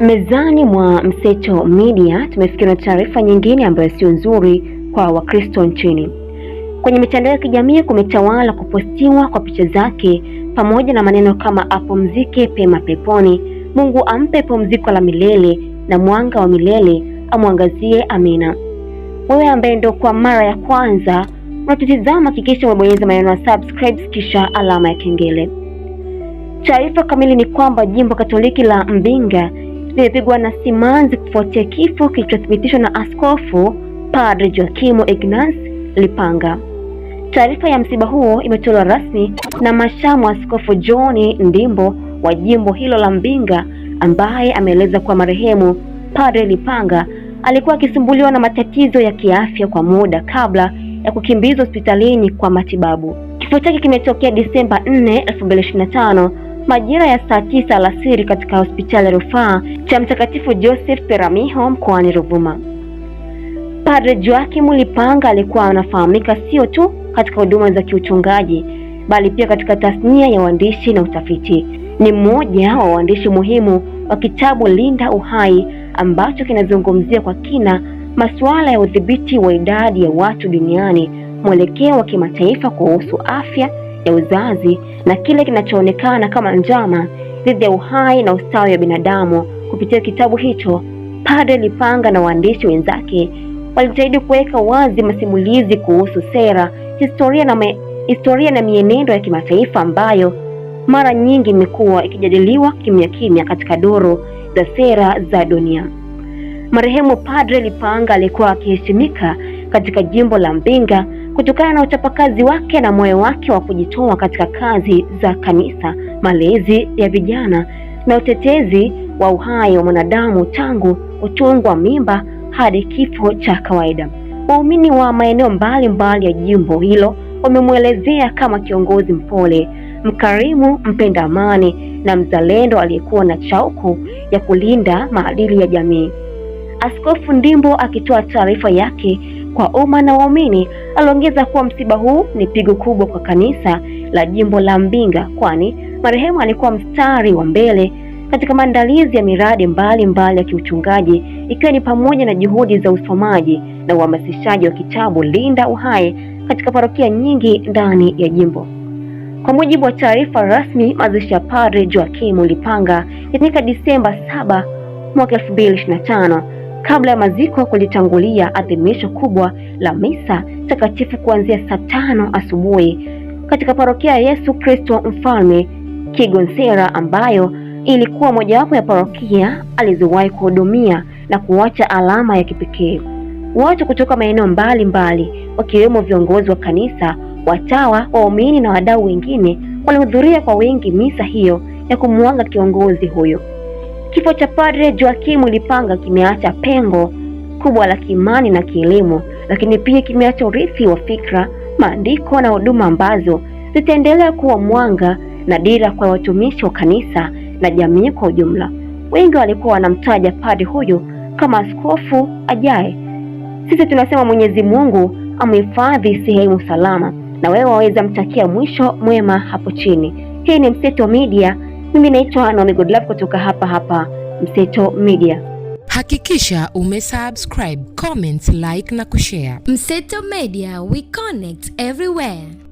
Mezani mwa Mseto Media tumefikia na taarifa nyingine ambayo sio nzuri kwa Wakristo nchini. Kwenye mitandao ya kijamii kumetawala kupostiwa kwa picha zake pamoja na maneno kama apumzike pema peponi, Mungu ampe pumziko la milele na mwanga wa milele amwangazie, amina. Wewe ambaye ndo kwa mara ya kwanza unatutizama, hakikisha umebonyeza maneno ya subscribe kisha alama ya kengele. Taarifa kamili ni kwamba jimbo Katoliki la Mbinga limepigwa na simanzi kufuatia kifo kilichothibitishwa na Askofu Padre Joakimu Ignas Lipanga. Taarifa ya msiba huo imetolewa rasmi na mashamu Askofu John Ndimbo wa jimbo hilo la Mbinga ambaye ameeleza kuwa marehemu Padre Lipanga alikuwa akisumbuliwa na matatizo ya kiafya kwa muda kabla ya kukimbizwa hospitalini kwa matibabu. Kifo chake kimetokea Disemba 4, 2025 majira ya saa tisa alasiri katika hospitali ya rufaa cha Mtakatifu Joseph Peramiho mkoani Ruvuma. Padre Joachim Lipanga alikuwa anafahamika sio tu katika huduma za kiuchungaji bali pia katika tasnia ya uandishi na utafiti. Ni mmoja wa waandishi muhimu wa kitabu Linda Uhai ambacho kinazungumzia kwa kina masuala ya udhibiti wa idadi ya watu duniani, mwelekeo wa kimataifa kuhusu afya ya uzazi na kile kinachoonekana kama njama dhidi ya uhai na ustawi wa binadamu. Kupitia kitabu hicho, Padre Lipanga na waandishi wenzake walijitahidi kuweka wazi masimulizi kuhusu sera, historia na me, historia na mienendo ya kimataifa ambayo mara nyingi imekuwa ikijadiliwa kimya kimya katika doro za sera za dunia. Marehemu Padre Lipanga alikuwa akiheshimika katika jimbo la Mbinga kutokana na uchapakazi wake na moyo wake wa kujitoa katika kazi za kanisa, malezi ya vijana na utetezi wa uhai wa mwanadamu tangu utungwa mimba hadi kifo cha kawaida. Waumini wa maeneo mbalimbali ya jimbo hilo wamemwelezea kama kiongozi mpole, mkarimu, mpenda amani na mzalendo aliyekuwa na chauku ya kulinda maadili ya jamii. Askofu Ndimbo akitoa taarifa yake kwa umma na waumini, aliongeza kuwa msiba huu ni pigo kubwa kwa kanisa la jimbo la Mbinga, kwani marehemu alikuwa mstari wa mbele katika maandalizi ya miradi mbalimbali mbali ya kiuchungaji ikiwa ni pamoja na juhudi za usomaji na uhamasishaji wa kitabu Linda Uhai katika parokia nyingi ndani ya jimbo. Kwa mujibu wa taarifa rasmi, mazishi ya Padre joakimu Lipanga yafanyika Disemba 7 mwaka 2025 kabla ya maziko kulitangulia adhimisho kubwa la misa takatifu kuanzia saa tano asubuhi katika parokia ya Yesu Kristo Mfalme Kigonsera, ambayo ilikuwa mojawapo ya parokia alizowahi kuhudumia na kuacha alama ya kipekee. Watu kutoka maeneo mbalimbali, wakiwemo viongozi wa kanisa, watawa, waumini na wadau wengine walihudhuria kwa wingi misa hiyo ya kumwaga kiongozi huyo. Kifo cha Padre Joakimu Lipanga kimeacha pengo kubwa la kiimani na kielimu, lakini pia kimeacha urithi wa fikra, maandiko na huduma ambazo zitaendelea kuwa mwanga na dira kwa watumishi wa kanisa na jamii kwa ujumla. Wengi walikuwa wanamtaja padre huyu kama askofu ajaye. Sisi tunasema Mwenyezi Mungu amhifadhi sehemu salama, na wewe waweza mtakia mwisho mwema hapo chini. Hii ni Mseto Media. Mimi naitwa Naomi Godlove kutoka hapa hapa Mseto Media. Hakikisha umesubscribe comment, like na kushare. Mseto Media, we connect everywhere.